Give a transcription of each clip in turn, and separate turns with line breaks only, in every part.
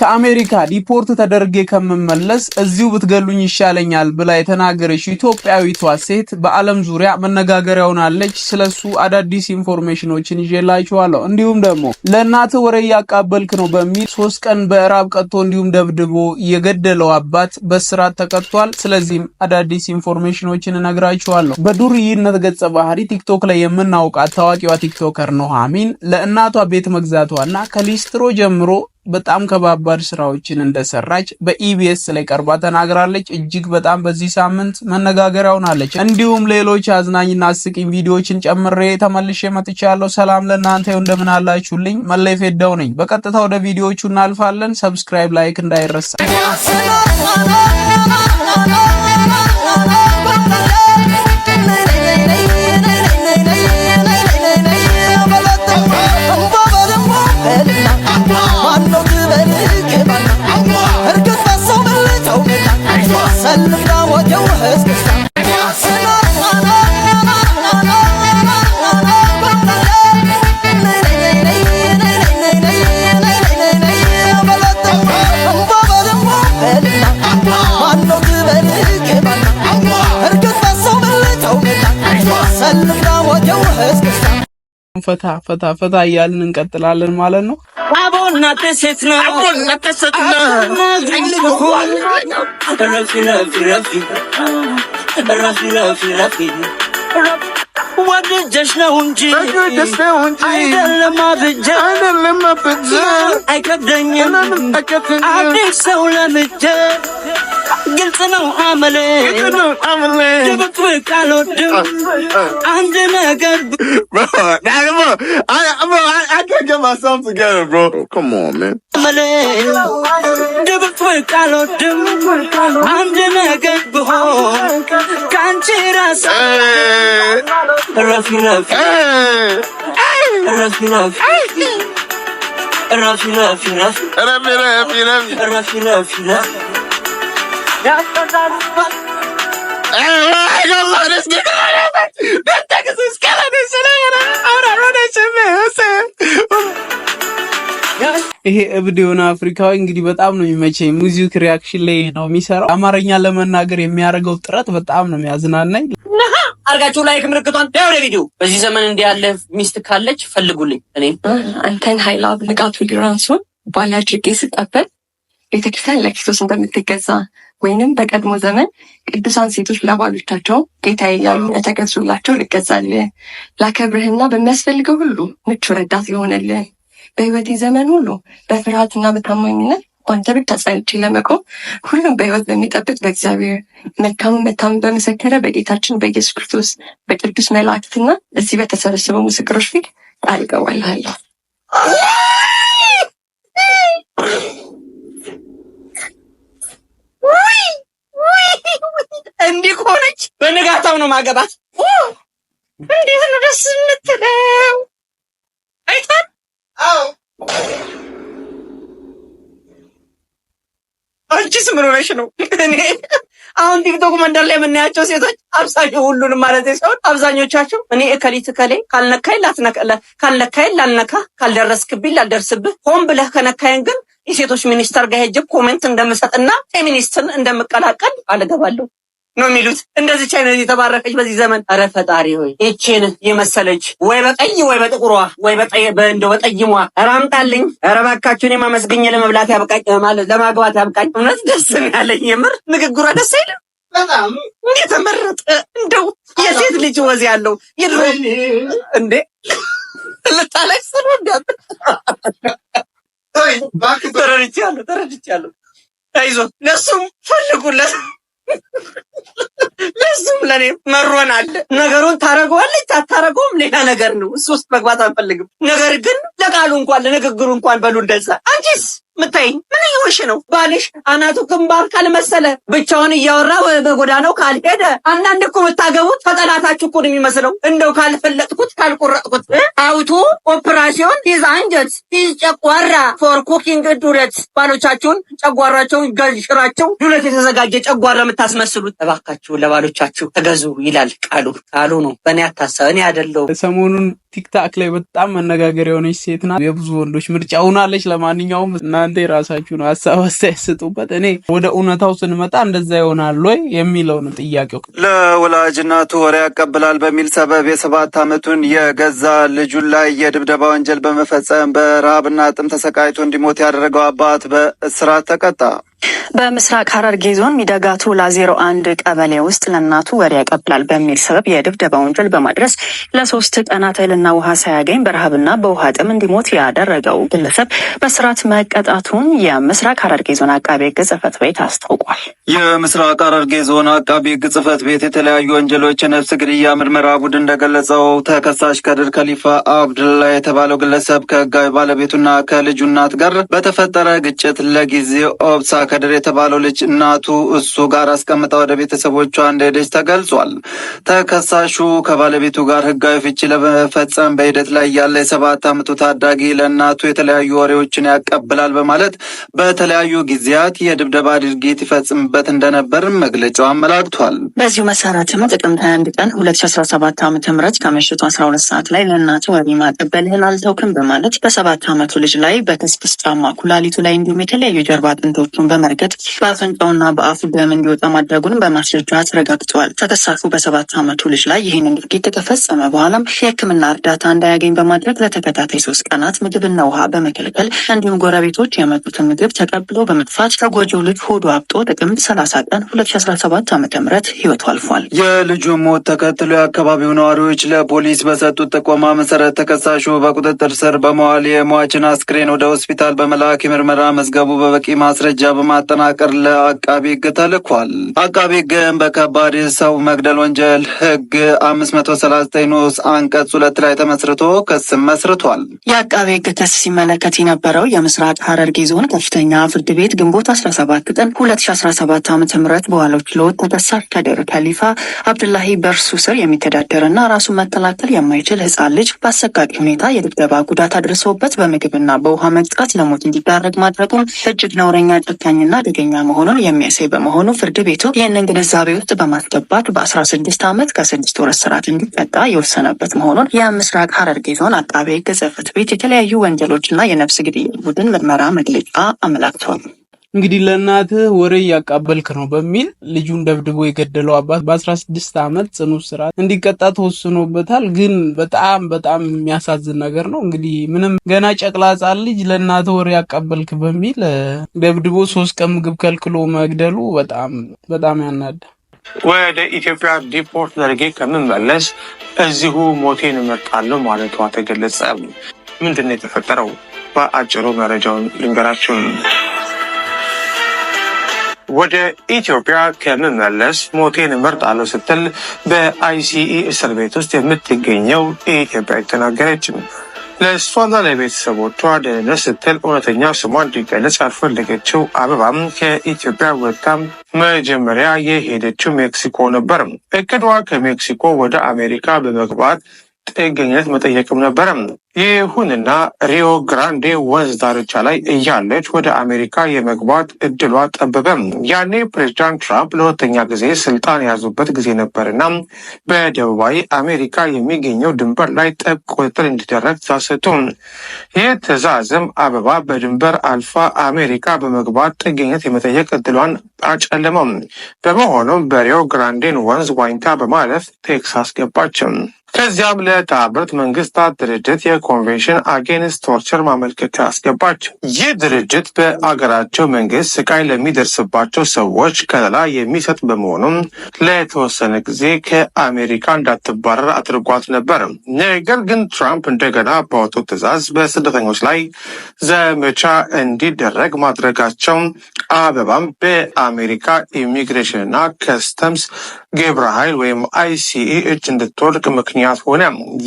ከአሜሪካ ዲፖርት ተደርጌ ከምመለስ እዚሁ ብትገሉኝ ይሻለኛል ብላ የተናገረች ኢትዮጵያዊቷ ሴት በዓለም ዙሪያ መነጋገሪያ ሆናለች። ስለሱ አዳዲስ ኢንፎርሜሽኖችን ይዤላችኋለሁ። እንዲሁም ደግሞ ለእናት ወሬ እያቃበልክ ነው በሚል ሶስት ቀን በእራብ ቀጥቶ እንዲሁም ደብድቦ የገደለው አባት በስራት ተቀጥቷል። ስለዚህም አዳዲስ ኢንፎርሜሽኖችን እነግራችኋለሁ። በዱርይነት ገጸ ባህሪ ቲክቶክ ላይ የምናውቃት ታዋቂዋ ቲክቶከር አሚን ለእናቷ ቤት መግዛቷና ከሊስትሮ ጀምሮ በጣም ከባባድ ስራዎችን እንደሰራች በኢቢኤስ ላይ ቀርባ ተናግራለች። እጅግ በጣም በዚህ ሳምንት መነጋገሪያ ሆናለች። እንዲሁም ሌሎች አዝናኝና አስቂኝ ቪዲዮዎችን ጨምሬ ተመልሼ መጥቻለሁ። ሰላም ለእናንተ ይሁን፣ እንደምን አላችሁልኝ? መለይ ፌዳው ነኝ። በቀጥታ ወደ ቪዲዮዎቹ እናልፋለን። ሰብስክራይብ፣ ላይክ እንዳይረሳ ፈታ ፈታ ፈታ እያልን እንቀጥላለን ማለት ነው።
አቦና ወድጀሽ ነው እንጂ ወድጀሽ ነው እንጂ አይደለም አብጀ አይደለም አብጀ አይከብደኝም አዲስ ሰው ለምጀ ግልጽ ነው አመሌ ድብቅብቅ አልወድም። አንድ ነገር
ድብቅብቅ አልወድም። አንድ ነገር ብሆን ከአንቺ ራስ ይሄ እብድ የሆነ አፍሪካዊ እንግዲህ በጣም ነው የሚመቸኝ። ሙዚክ ሪያክሽን ላይ ነው የሚሰራው። አማርኛ ለመናገር የሚያደርገው ጥረት በጣም ነው የሚያዝናናኝ።
አርጋችሁ ላይክ ምልክቷን ያ ወደ ቪዲዮ። በዚህ ዘመን እንዲህ ያለ ሚስት ካለች ፈልጉልኝ። እኔ
አንተን ሀይላብ ንቃቱ ሊራንሱን ባል አድርጌ ስቀበል ቤተክርስቲያን ለክርስቶስ እንደምትገዛ ወይንም በቀድሞ ዘመን ቅዱሳን ሴቶች ለባሎቻቸው ጌታ እያሉ የተገዙላቸው ልገዛልህ፣ ላከብርህና በሚያስፈልገው ሁሉ ምቹ ረዳት ሊሆንልህ በህይወቴ ዘመን ሁሉ በፍርሃትና በታማኝነት በአንተ ቤት ተጸንቼ ለመቆም ሁሉም በህይወት በሚጠብቅ በእግዚአብሔር መልካሙ መታመን በመሰከረ በጌታችን በኢየሱስ ክርስቶስ በቅዱስ መላእክትና እዚህ በተሰበሰበው ምስክሮች ፊት ቃል እገባልሃለሁ።
እንዲህ ከሆነች
በንጋታው ነው ማገባት። እንዴት ነው ደስ የምትለው አይታል
አንቺስ ምን ሆነሽ ነው? እኔ አሁን ቲክቶክ መንደር ላይ የምናያቸው ሴቶች አብዛኛው ሁሉንም ማለት ሲሆን አብዛኞቻቸው እኔ እከሊት እከሌ ካልነካይ ካልነካይ ላልነካ ካልደረስክብኝ ላልደርስብህ ሆን ብለህ ከነካይን ግን የሴቶች ሚኒስተር ጋር ሄጅብ ኮሜንት እንደምሰጥና ፌሚኒስትን እንደምቀላቀል አልገባለሁ። ነው የሚሉት። እንደዚች አይነት የተባረከች በዚህ ዘመን ኧረ ፈጣሪ ሆይ ይችን የመሰለች ወይ በቀይ ወይ በጥቁሯ ወይ እንደው በጠይሟ ኧረ አምጣልኝ። ኧረ እባካችሁን የማመስገኝ ለመብላት ያብቃኝ ማለት ለማግባት ያብቃኝ። እውነት ደስ ያለኝ የምር ንግግሯ ደስ አይልም? በጣም የተመረጠ እንደው የሴት ልጅ ወዝ ያለው ይድሮ እንዴ ልታላይ ስሩ እንዳምን ተረድቻለሁ፣ ተረድቻለሁ። አይዞ ለሱም ፈልጉለት ለሱም ለኔ መሮን አለ። ነገሩን ታደርገዋለች አታረገውም፣ ሌላ ነገር ነው። እሱ ውስጥ መግባት አንፈልግም። ነገር ግን ለቃሉ እንኳን ለንግግሩ እንኳን በሉ እንደዛ አንቺስ ምታይኝ ምን እየሆንሽ ነው? ባልሽ አናቱ ግንባር ካልመሰለ ብቻውን እያወራ በጎዳናው ካልሄደ፣ አንዳንድ እኮ የምታገቡት ከጠላታችሁ እኮ ነው የሚመስለው። እንደው ካልፈለጥኩት ካልቆረጥኩት አውቱ ኦፕራሲዮን ሂዝ አንጀት ሂዝ ጨጓራ ፎር ኩኪንግ ዱለት ባሎቻችሁን ጨጓራቸውን ገሽራቸው ዱለት የተዘጋጀ ጨጓራ የምታስመስሉት እባካችሁ ለባሎቻችሁ ተገዙ ይላል ቃሉ። ቃሉ ነው በእኔ አታሳ እኔ አይደለሁም
ሰሞኑን ቲክታክ ላይ በጣም መነጋገር የሆነች ሴት ናት። የብዙ ወንዶች ምርጫ ሆናለች። ለማንኛውም እናንተ የራሳችሁን ሀሳብ አስተያየት ስጡበት። እኔ ወደ እውነታው ስንመጣ እንደዛ ይሆናል ወይ የሚለው ነው ጥያቄው።
ለወላጅ እናቱ ወሬ ያቀብላል በሚል ሰበብ የሰባት ዓመቱን የገዛ ልጁን ላይ የድብደባ ወንጀል በመፈጸም በረሃብና ጥም ተሰቃይቶ እንዲሞት ያደረገው አባት በእስራት ተቀጣ።
በምስራቅ ሐረርጌ ዞን ሚደጋቱ ላዜሮ አንድ ቀበሌ ውስጥ ለእናቱ ወሬ ያቀብላል በሚል ሰበብ የድብደባ ወንጀል በማድረስ ለሶስት ቀናት ልና ምግብና ውሃ ሳያገኝ በረሃብና በውሃ ጥም እንዲሞት ያደረገው ግለሰብ በስርዓት መቀጣቱን የምስራቅ ሐረርጌ ዞን አቃቤ ሕግ ጽሕፈት ቤት አስታውቋል።
የምስራቅ ሐረርጌ ዞን አቃቤ ሕግ ጽሕፈት ቤት የተለያዩ ወንጀሎች የነፍስ ግድያ ምርመራ ቡድን እንደገለጸው ተከሳሽ ከድር ከሊፋ አብድላ የተባለው ግለሰብ ከህጋዊ ባለቤቱና ከልጁ እናት ጋር በተፈጠረ ግጭት ለጊዜው ኦብሳ ከድር የተባለው ልጅ እናቱ እሱ ጋር አስቀምጣ ወደ ቤተሰቦቿ እንደሄደች ተገልጿል። ተከሳሹ ከባለቤቱ ጋር ህጋዊ ፍቺ ለመፈጸም ሲፈጸም በሂደት ላይ ያለ የሰባት ዓመቱ ታዳጊ ለእናቱ የተለያዩ ወሬዎችን ያቀብላል በማለት በተለያዩ ጊዜያት የድብደባ ድርጊት ይፈጽምበት እንደነበር መግለጫው አመላክቷል።
በዚሁ መሰረትም ጥቅምት 21 ቀን 2017 ዓ ም ከምሽቱ 12 ሰዓት ላይ ለእናቱ ወሬ ማቀበልህን አልተውክም በማለት በሰባት ዓመቱ ልጅ ላይ በክስክስ ጫማ ኩላሊቱ ላይ እንዲሁም የተለያዩ የጀርባ አጥንቶቹን በመርገጥ በአፍንጫውና በአፉ ደም እንዲወጣ ማድረጉንም በማስረጃ አስረጋግጠዋል። ተከሳሹ በሰባት ዓመቱ ልጅ ላይ ይህንን ድርጊት ከፈጸመ በኋላም የህክምና እርዳታ እንዳያገኝ በማድረግ ለተከታታይ ሶስት ቀናት ምግብና ውሃ በመከልከል እንዲሁም ጎረቤቶች የመጡትን ምግብ ተቀብሎ በመጥፋት ተጎጂው ልጅ ሆዶ አብጦ ጥቅምት 30 ቀን 2017 ዓ ም ህይወቱ አልፏል።
የልጁ ሞት ተከትሎ የአካባቢው ነዋሪዎች ለፖሊስ በሰጡት ጥቆማ መሰረት ተከሳሹ በቁጥጥር ስር በመዋል የሟችን አስክሬን ወደ ሆስፒታል በመላክ የምርመራ መዝገቡ በበቂ ማስረጃ በማጠናቀር ለአቃቢ ህግ ተልኳል። አቃቢ ህግም በከባድ ሰው መግደል ወንጀል ህግ 539 ንዑስ አንቀጽ ሁለት ላይ ተመስርቶ ክስም መስርቷል።
የአቃቤ ሕግ ክስ ሲመለከት የነበረው የምስራቅ ሐረርጌ ዞን ከፍተኛ ፍርድ ቤት ግንቦት 17 ቀን 2017 ዓ ም በዋለው ችሎት ተከሳሽ ከድር ከሊፋ አብድላሂ በእርሱ ስር የሚተዳደርና ራሱን መከላከል የማይችል ህፃን ልጅ በአሰቃቂ ሁኔታ የድብደባ ጉዳት አድርሰውበት በምግብና በውሃ መጥቃት ለሞት እንዲዳረግ ማድረጉን እጅግ ነውረኛ፣ ጨካኝና አደገኛ መሆኑን የሚያሳይ በመሆኑ ፍርድ ቤቱ ይህንን ግንዛቤ ውስጥ በማስገባት በ16 ዓመት ከስድስት ወር እስራት እንዲቀጣ የወሰነበት መሆኑን ምስራቅ ሐረርጌ ዞን አቃቤ ሕግ ጽሕፈት ቤት የተለያዩ ወንጀሎችና የነፍስ ግድያ ቡድን ምርመራ መግለጫ አመላክተዋል። እንግዲህ ለእናትህ ወሬ እያቃበልክ ነው በሚል ልጁን ደብድቦ የገደለው አባት በ16 ዓመት ጽኑ እስራት እንዲቀጣ ተወስኖበታል። ግን በጣም በጣም የሚያሳዝን ነገር ነው። እንግዲህ ምንም ገና ጨቅላ ሕጻን ልጅ ለእናትህ ወሬ ያቃበልክ በሚል ደብድቦ ሶስት ቀን ምግብ ከልክሎ መግደሉ በጣም በጣም ያናዳል።
ወደ ኢትዮጵያ ዲፖርት ደርጌ ከምመለስ እዚሁ ሞቴን እመርጣለሁ ማለቷ ተገለጸ። ምንድን ነው የተፈጠረው? በአጭሩ መረጃውን ልንገራችሁ። ወደ ኢትዮጵያ ከምመለስ ሞቴን እመርጣለሁ ስትል በአይሲኢ እስር ቤት ውስጥ የምትገኘው ኢትዮጵያ ተናገረች። ለእሷና ለቤተሰቦቿ ደህንነት ስትል እውነተኛ ስሟ እንዲገለጽ ያልፈለገችው አበባም ከኢትዮጵያ ወጥታም መጀመሪያ የሄደችው ሜክሲኮ ነበር። እቅዷ ከሜክሲኮ ወደ አሜሪካ በመግባት ጥገኝነት መጠየቅም ነበረም። ይሁንና ሪዮ ግራንዴ ወንዝ ዳርቻ ላይ እያለች ወደ አሜሪካ የመግባት እድሏ ጠበበም። ያኔ ፕሬዚዳንት ትራምፕ ለሁለተኛ ጊዜ ስልጣን የያዙበት ጊዜ ነበርና በደቡባዊ አሜሪካ የሚገኘው ድንበር ላይ ጥብቅ ቁጥጥር እንዲደረግ ትዕዛዝ ይህ ትዕዛዝም አበባ በድንበር አልፋ አሜሪካ በመግባት ጥገኝነት የመጠየቅ እድሏን አጨለመም። በመሆኑም በሪዮ ግራንዴን ወንዝ ዋኝታ በማለፍ ቴክሳስ ገባችም። ከዚያም ለተባበሩት መንግስታት ድርጅት የ ኮንቬንሽን አጌንስት ቶርቸር ማመልከቻ አስገባች። ይህ ድርጅት በአገራቸው መንግስት ስቃይ ለሚደርስባቸው ሰዎች ከለላ የሚሰጥ በመሆኑም ለተወሰነ ጊዜ ከአሜሪካ እንዳትባረር አድርጓት ነበር። ነገር ግን ትራምፕ እንደገና ባወጡት ትዕዛዝ በስደተኞች ላይ ዘመቻ እንዲደረግ ማድረጋቸው አበባም በአሜሪካ ኢሚግሬሽንና ከስተምስ ግብረ ኃይል ወይም አይሲኢ እጅ እንድትወድቅ ምክንያት ሆነ።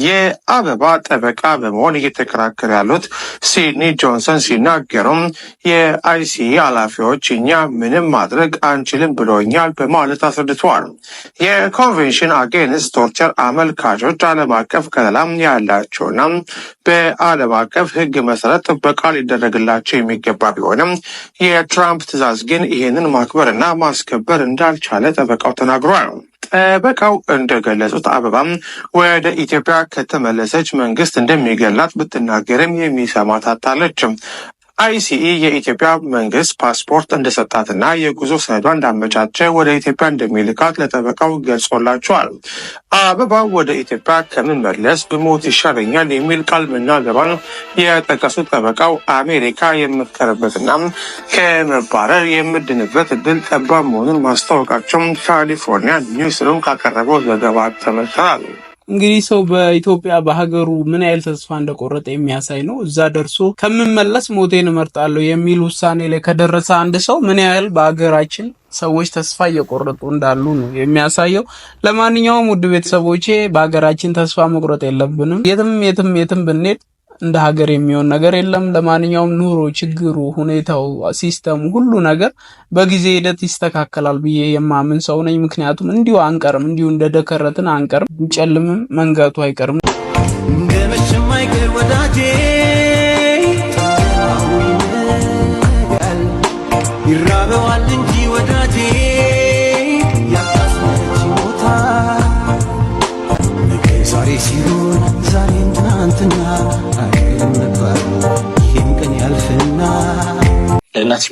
የአበባ ጠበቃ በመሆን እየተከራከሩ ያሉት ሲድኒ ጆንሰን ሲናገሩም የአይሲኢ ኃላፊዎች እኛ ምንም ማድረግ አንችልም ብሎኛል በማለት አስረድተዋል። የኮንቬንሽን አጌንስት ቶርቸር አመልካቾች ዓለም አቀፍ ከለላም ያላቸውና በዓለም አቀፍ ሕግ መሰረት ጥበቃ ሊደረግላቸው የሚገባ ቢሆንም የትራምፕ ትዕዛዝ ግን ይህንን ማክበርና ማስከበር እንዳልቻለ ጠበቃው ተናግሯል። ጠበቃው እንደገለጹት አበባም ወደ ኢትዮጵያ ከተመለሰች መንግስት እንደሚገላት ብትናገርም የሚሰማት አታለችም። አይሲኢ የኢትዮጵያ መንግስት ፓስፖርት እንደሰጣትና የጉዞ ሰነዷ እንዳመቻቸ ወደ ኢትዮጵያ እንደሚልካት ለጠበቃው ገልጾላቸዋል። አበባ ወደ ኢትዮጵያ ከምመለስ ብሞት ይሻለኛል የሚል ቃል መናገሯን የጠቀሱት ጠበቃው አሜሪካ የምትከርበትና ከመባረር የምድንበት እድል ጠባብ መሆኑን ማስታወቃቸውም ካሊፎርኒያ ኒውስሩም ካቀረበው ዘገባ ተመልክተናል።
እንግዲህ ሰው በኢትዮጵያ በሀገሩ ምን ያህል ተስፋ እንደቆረጠ የሚያሳይ ነው። እዛ ደርሶ ከምመለስ ሞቴን እመርጣለሁ የሚል ውሳኔ ላይ ከደረሰ አንድ ሰው ምን ያህል በሀገራችን ሰዎች ተስፋ እየቆረጡ እንዳሉ ነው የሚያሳየው። ለማንኛውም ውድ ቤተሰቦቼ በሀገራችን ተስፋ መቁረጥ የለብንም። የትም የትም የትም ብንሄድ እንደ ሀገር የሚሆን ነገር የለም። ለማንኛውም ኑሮ፣ ችግሩ፣ ሁኔታው፣ ሲስተሙ፣ ሁሉ ነገር በጊዜ ሂደት ይስተካከላል ብዬ የማምን ሰው ነኝ። ምክንያቱም እንዲሁ አንቀርም፣ እንዲሁ እንደደከረትን አንቀርም። ጨልምም መንገቱ አይቀርም።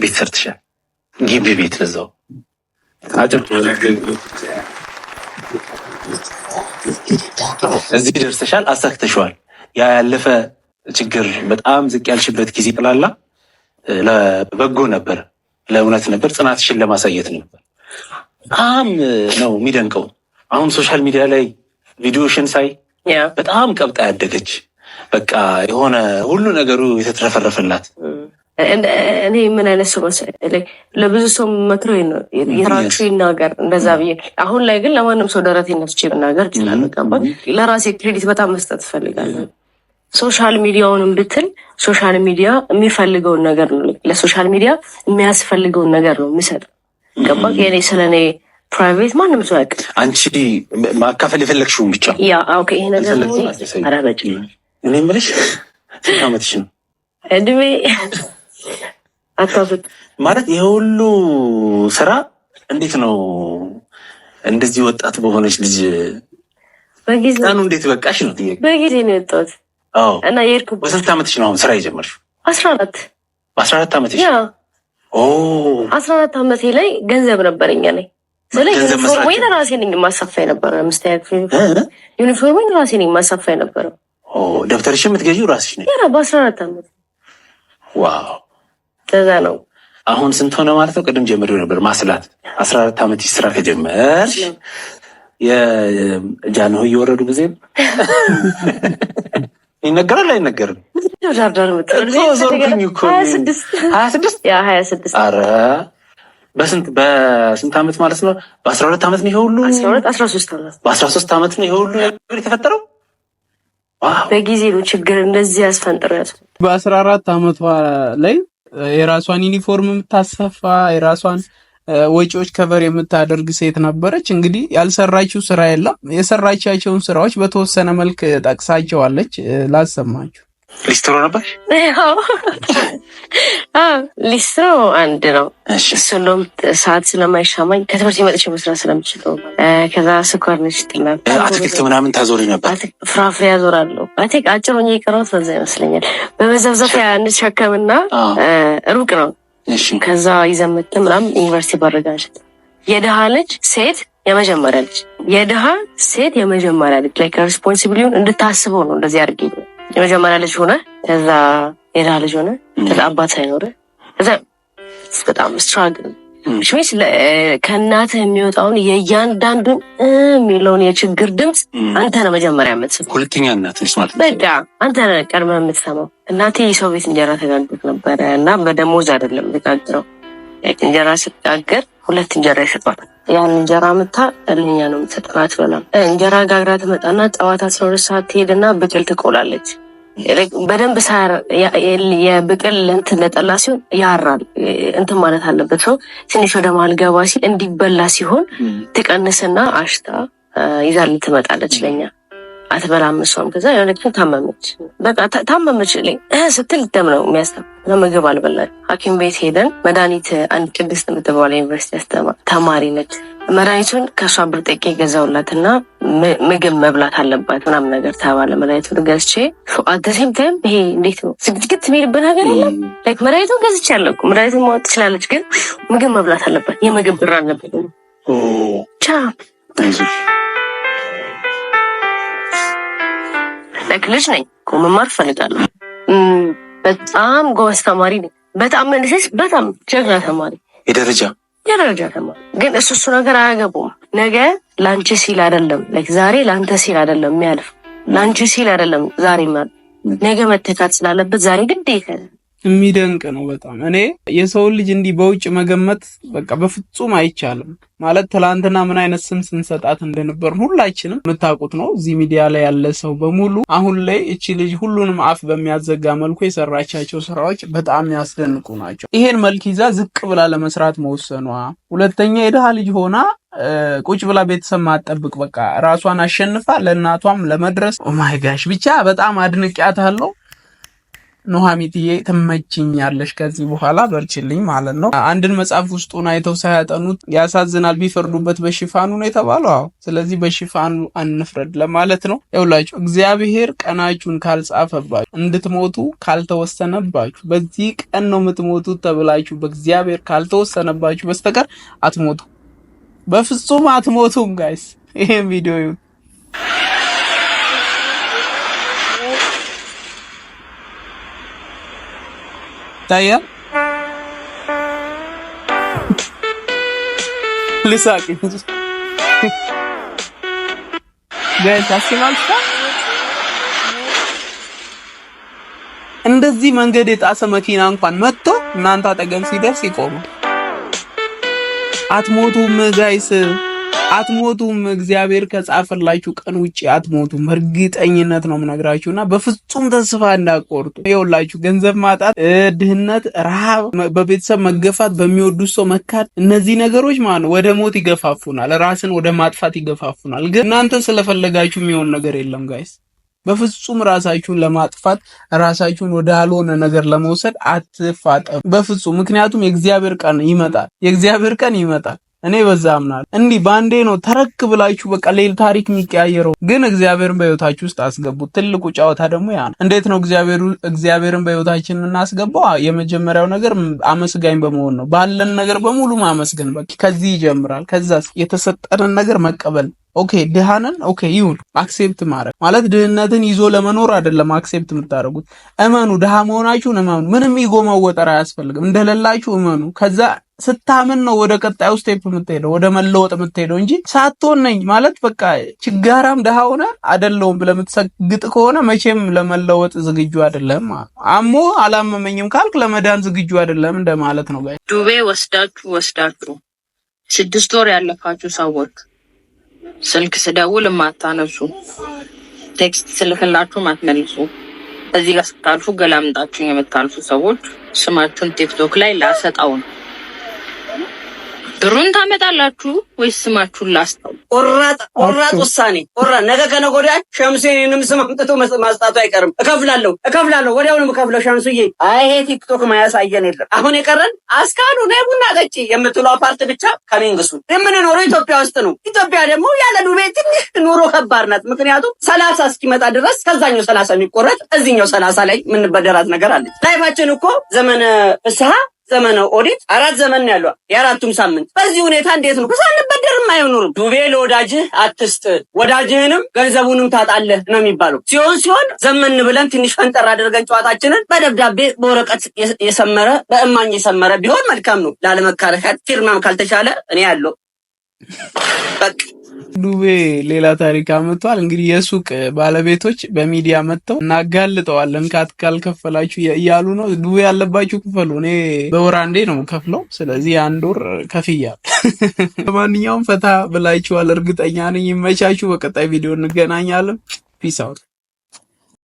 ቤት ሰርተሻል፣ ግቢ ቤት ለዛው እዚህ ደርሰሻል፣ አሳክተሸዋል። ያ ያለፈ ችግር በጣም ዝቅ ያልሽበት ጊዜ ጥላላ ለበጎ ነበር፣ ለእውነት ነበር፣ ጽናትሽን ለማሳየት ነበር። በጣም ነው የሚደንቀው። አሁን ሶሻል ሚዲያ ላይ ቪዲዮሽን ሳይ በጣም ቀብጣ ያደገች በቃ የሆነ ሁሉ ነገሩ የተትረፈረፈላት
እኔ ምን አይነት ሰው መሰለኝ፣ ለብዙ ሰው መክሮ የራችሁ ይናገር እንደዛ ብዬ። አሁን ላይ ግን ለማንም ሰው ደረት ነፍቼ መናገር ይችላል። ለራሴ ክሬዲት በጣም መስጠት እፈልጋለሁ። ሶሻል ሚዲያውንም ብትል ሶሻል ሚዲያ የሚፈልገውን ነገር ነው፣ ለሶሻል ሚዲያ የሚያስፈልገውን ነገር ነው የሚሰጥ። ገባ? የኔ ስለ እኔ ፕራይቬት ማንም ሰው ያቅ
አንቺ ማካፈል የፈለግሽውን ብቻ።
ያ ኦኬ። ይሄ ነገር ነው አራበጭ
እኔ ምልሽ? ስንት ዓመትሽ ነው? እድሜ ማለት የሁሉ ስራ እንዴት ነው እንደዚህ ወጣት በሆነች ልጅ ጣኑ እንዴት በቃሽ ነው ጥያቄ።
በጊዜ ነው የወጣሁት እና የሄድኩበት
በስንት ዓመትሽ ነው አሁን ስራ የጀመርሽው? አስራ አራት በአስራ አራት ዓመትሽ
አስራ አራት ዓመቴ ላይ ገንዘብ ነበረኛ ላይ ስለ ዩኒፎርሜን ራሴ ነኝ ማሳፋ የነበረ ምስተያ ዩኒፎርሜን ራሴ ነኝ ማሳፋ የነበረ
ደብተርሽ የምትገዢው ራስሽ ነ
በአስራ አራት ዓመት ዋው ለዛ ነው
አሁን ስንት ሆነ ማለት ነው? ቅድም ጀምሮ ነበር ማስላት አስራ አራት ዓመት ስራ ከጀመር የጃንሆ እየወረዱ ጊዜ ይነገራል አይነገርም?
ኧረ
በስንት በስንት ዓመት ማለት ነው? በአስራ ሁለት ዓመት ነው ይሄ ሁሉ በአስራ ሶስት ዓመት ነው ይሄ ሁሉ ነገር የተፈጠረው።
በጊዜ ነው ችግር እንደዚህ ያስፈንጥረት
በአስራ አራት ዓመቷ ላይ የራሷን ዩኒፎርም የምታሰፋ የራሷን ወጪዎች ከቨር የምታደርግ ሴት ነበረች። እንግዲህ ያልሰራችው ስራ የለም። የሰራቻቸውን ስራዎች በተወሰነ መልክ ጠቅሳቸዋለች። ላሰማችሁ
ሊስትሮ ነበር።
ሊስትሮ አንድ ነው። ሱሎም ሰዓት ስለማይሻማኝ ከትምህርት የመጥቼ መስራት ስለምችል ከዛ ስኳር ነች
ነበር። አትክልት ምናምን ታዞሪ ነበር።
ፍራፍሬ ያዞራለሁ። አጭር ሆኜ የቀረሁት በዛ ይመስለኛል። በመዘብዘፍ እንሸከምና ሩቅ ነው። ከዛ ይዘምት ምናምን ዩኒቨርሲቲ ባረጋሸት የድሃ ልጅ ሴት የመጀመሪያ ልጅ የድሃ ሴት የመጀመሪያ ልጅ ሪስፖንሲብል እንድታስበው ነው እንደዚህ አድርጌ የመጀመሪያ ልጅ ሆነ፣ ከዛ የድሃ ልጅ ሆነ፣ ከዛ አባት ሳይኖር ከዛ በጣም ስትራግል ሽሜች ከእናትህ የሚወጣውን የእያንዳንዱን የሚለውን የችግር ድምፅ አንተ ነህ መጀመሪያ የምትሰማው።
ሁለተኛ እናት ማለት
በቃ አንተ ነህ ቀድመህ የምትሰማው። እናቴ የሰው ቤት እንጀራ ተጋግር ነበረ እና በደሞዝ አይደለም ተጋግረው እንጀራ ስትጋግር ሁለት እንጀራ ይሰጧታል። ያን እንጀራ ምታ እልኛ ነው የምትጥራ በላ እንጀራ ጋግራ ትመጣና ጠዋት አስራ ሁለት ሰዓት ትሄድና ብቅል ትቆላለች። በደንብ ሳር የብቅል ለንት ለጠላ ሲሆን ያራል እንትን ማለት አለበት ሰው ትንሽ ወደ መሀል ገባ ሲል እንዲበላ ሲሆን ትቀንስና አሽታ ይዛልን ትመጣለች ለኛ አትበላም እሷም። ከዛ የሆነ ግን ታመመች፣ በቃ ታመመች ልኝ ስትል ደም ነው የሚያስተ ምግብ አልበላል። ሐኪም ቤት ሄደን መድኃኒት አንድ ቅድስት የምትባለ ዩኒቨርሲቲ ያስተማ ተማሪ ነች። መድኃኒቱን ከእሷ ብር ጠቄ ገዛውላትና ምግብ መብላት አለባት ምናምን ነገር ተባለ። መድኃኒቱን ገዝቼ አደሴም ታይም ይሄ እንዴት ነው ዝግጅግት የሚልብን ሀገር የለም። ላይክ መድኃኒቱን ገዝቼ አለኩ። መድኃኒቱን ማወቅ ትችላለች፣ ግን ምግብ መብላት አለባት። የምግብ ብር አለበት ቻ ላይክ ልጅ ነኝ እኮ መማር እፈልጋለሁ። በጣም ጎበዝ ተማሪ ነኝ። በጣም መንሴስ በጣም ጀግና ተማሪ የደረጃ የደረጃ ተማሪ ግን እሱ እሱ ነገር አያገቡም። ነገ ለአንቺ ሲል አይደለም ላይክ ዛሬ ለአንተ ሲል አይደለም የሚያልፍ ለአንቺ ሲል አይደለም ዛሬ ነገ መተካት ስላለበት ዛሬ ግዴታ
የሚደንቅ ነው በጣም እኔ የሰውን ልጅ እንዲህ በውጭ መገመት በቃ በፍጹም አይቻልም። ማለት ትላንትና ምን አይነት ስም ስንሰጣት እንደነበርን ሁላችንም የምታውቁት ነው። እዚህ ሚዲያ ላይ ያለ ሰው በሙሉ አሁን ላይ እቺ ልጅ ሁሉንም አፍ በሚያዘጋ መልኩ የሰራቻቸው ስራዎች በጣም የሚያስደንቁ ናቸው። ይሄን መልክ ይዛ ዝቅ ብላ ለመስራት መወሰኗ፣ ሁለተኛ የድሃ ልጅ ሆና ቁጭ ብላ ቤተሰብ ማጠብቅ በቃ ራሷን አሸንፋ ለእናቷም ለመድረስ ኦማይ ጋሽ ብቻ በጣም አድንቂያታለሁ። ኑሐሚትዬ ትመችኛለሽ፣ ከዚህ በኋላ በርችልኝ ማለት ነው። አንድን መጽሐፍ ውስጡን አይተው ሳያጠኑት ያሳዝናል፣ ቢፈርዱበት በሽፋኑ ነው የተባለው። አዎ፣ ስለዚህ በሽፋኑ አንፍረድ ለማለት ነው። ይውላችሁ እግዚአብሔር ቀናችሁን ካልጻፈባችሁ፣ እንድትሞቱ ካልተወሰነባችሁ፣ በዚህ ቀን ነው የምትሞቱት ተብላችሁ በእግዚአብሔር ካልተወሰነባችሁ በስተቀር አትሞቱ፣ በፍጹም አትሞቱም። ጋይስ ይሄን ቪዲዮ ይታያል። ልሳቅ እንጂ እንደዚህ መንገድ የጣሰ መኪና እንኳን መጥቶ እናንተ አጠገብ ሲደርስ ይቆማል። አትሞቱም ጋይስ። አትሞቱም። እግዚአብሔር ከጻፈላችሁ ቀን ውጭ አትሞቱም። እርግጠኝነት ነው የምነግራችሁ እና በፍጹም ተስፋ እንዳቆርጡ ይኸውላችሁ፣ ገንዘብ ማጣት፣ ድህነት፣ ረሃብ፣ በቤተሰብ መገፋት፣ በሚወዱት ሰው መካድ፣ እነዚህ ነገሮች ማለት ነው ወደ ሞት ይገፋፉናል፣ ራስን ወደ ማጥፋት ይገፋፉናል። ግን እናንተ ስለፈለጋችሁ የሚሆን ነገር የለም ጋይስ። በፍጹም ራሳችሁን ለማጥፋት ራሳችሁን ወደ አልሆነ ነገር ለመውሰድ አትፋጠም፣ በፍጹም ምክንያቱም የእግዚአብሔር ቀን ይመጣል። የእግዚአብሔር ቀን ይመጣል። እኔ በዛ አምናለሁ። እንዲህ ባንዴ ነው ተረክ ብላችሁ በቃ ሌላ ታሪክ የሚቀያየረው። ግን እግዚአብሔርን በህይወታችሁ ውስጥ አስገቡት። ትልቁ ጨዋታ ደግሞ ያ ነው። እንዴት ነው እግዚአብሔርን በህይወታችን እናስገባው? የመጀመሪያው ነገር አመስጋኝ በመሆን ነው። ባለን ነገር በሙሉ ማመስገን በቃ ከዚህ ይጀምራል። ከዛ የተሰጠንን ነገር መቀበል ኦኬ ድሃንን ኦኬ ይሁን አክሴፕት ማድረግ ማለት ድህነትን ይዞ ለመኖር አይደለም። አክሴፕት የምታደርጉት እመኑ፣ ድሃ መሆናችሁን እመኑ። ምንም ኢጎ መወጠር አያስፈልግም። እንደሌላችሁ እመኑ። ከዛ ስታምን ነው ወደ ቀጣዩ ስቴፕ የምትሄደው ወደ መለወጥ የምትሄደው እንጂ ሳትሆን ነኝ ማለት በቃ ችጋራም ድሀ ሆነ አይደለውም ብለህ የምትሰግጥ ከሆነ መቼም ለመለወጥ ዝግጁ አይደለም። አሞ አላመመኝም ካልክ ለመዳን ዝግጁ አይደለም እንደማለት ነው። ጋር
ዱቤ ወስዳችሁ ወስዳችሁ ስድስት ወር ያለፋችሁ ሰዎች ስልክ ስደውል ማታነሱ፣ ቴክስት ስልክላችሁ ማትመልሱ እዚህ ጋር ስታልፉ ገላምጣችሁ የምታልፉ ሰዎች ስማችሁን ቲክቶክ ላይ ላሰጣው ነው ብሩን ታመጣላችሁ ወይስ ስማችሁን ላስታው?
ቆራጥ ቆራጥ ውሳኔ ቆራ ነገ ከነገ ወዲያ ሸምሱዬንም ስም አምጥቶ ማስጣቱ አይቀርም። እከፍላለሁ እከፍላለሁ፣ ወዲያውንም እከፍለው ሸምሱዬ። አይ ይሄ ቲክቶክ ማያሳየን የለም። አሁን የቀረን አስካሉ ነይ ቡና ጠጪ የምትለው አፓርት ብቻ ከሚንግሱ። የምንኖረው ኢትዮጵያ ውስጥ ነው። ኢትዮጵያ ደግሞ ያለ ዱቤ ትንሽ ኑሮ ከባድ ናት። ምክንያቱም ሰላሳ እስኪመጣ ድረስ ከዛኛው ሰላሳ የሚቆረጥ እዚኛው ሰላሳ ላይ የምንበደራት ነገር አለች። ላይፋችን እኮ ዘመነ ፍስሀ ዘመነ ኦዲት አራት ዘመን ነው ያለው፣ የአራቱም ሳምንት። በዚህ ሁኔታ እንዴት ነው ሳንበደርም አይኖርም። ዱቤ ለወዳጅህ አትስጥ፣ ወዳጅህንም ገንዘቡንም ታጣለህ ነው የሚባለው። ሲሆን ሲሆን ዘመን ብለን ትንሽ ፈንጠር አድርገን ጨዋታችንን በደብዳቤ በወረቀት የሰመረ በእማኝ የሰመረ ቢሆን መልካም ነው። ላለመካረሻ ፊርማም ካልተቻለ እኔ ያለው
በቃ ዱቤ ሌላ ታሪክ አመቷል። እንግዲህ የሱቅ ባለቤቶች በሚዲያ መጥተው እናጋልጠዋለን ካልከፈላችሁ እያሉ ነው። ዱቤ ያለባችሁ ክፈሉ። እኔ በወር አንዴ ነው ከፍለው፣ ስለዚህ አንድ ወር ከፍያል። ለማንኛውም ፈታ ብላችኋል እርግጠኛ ነኝ። ይመቻችሁ። በቀጣይ ቪዲዮ እንገናኛለን። ፒስ አውት